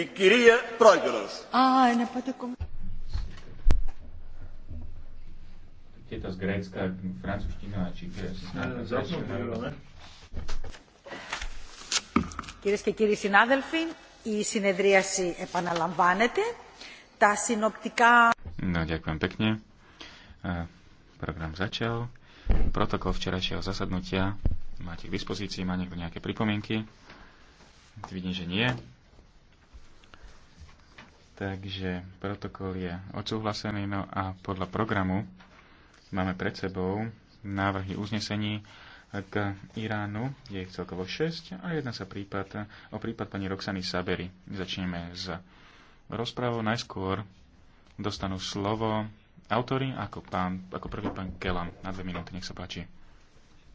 Η κυρία Πρόεδρος. Α, ένα z Grécka, francúzština a číkia. Κυρίες και κύριοι συνάδελφοι, η συνεδρίαση επαναλαμβάνεται. Τα συνοπτικά... No, ďakujem pekne. Program začal. Protokol včerajšieho zasadnutia máte k dispozícii. Má niekto nejaké pripomienky? Vidím, že nie. Takže protokol je odsúhlasený, no a podľa programu máme pred sebou návrhy uznesení k Iránu, je ich celkovo 6 a jedna sa prípad, o prípad pani Roxany Sabery. Začneme s rozprávou. Najskôr dostanú slovo autory ako, pán, ako prvý pán Kelam na dve minúty, nech sa páči.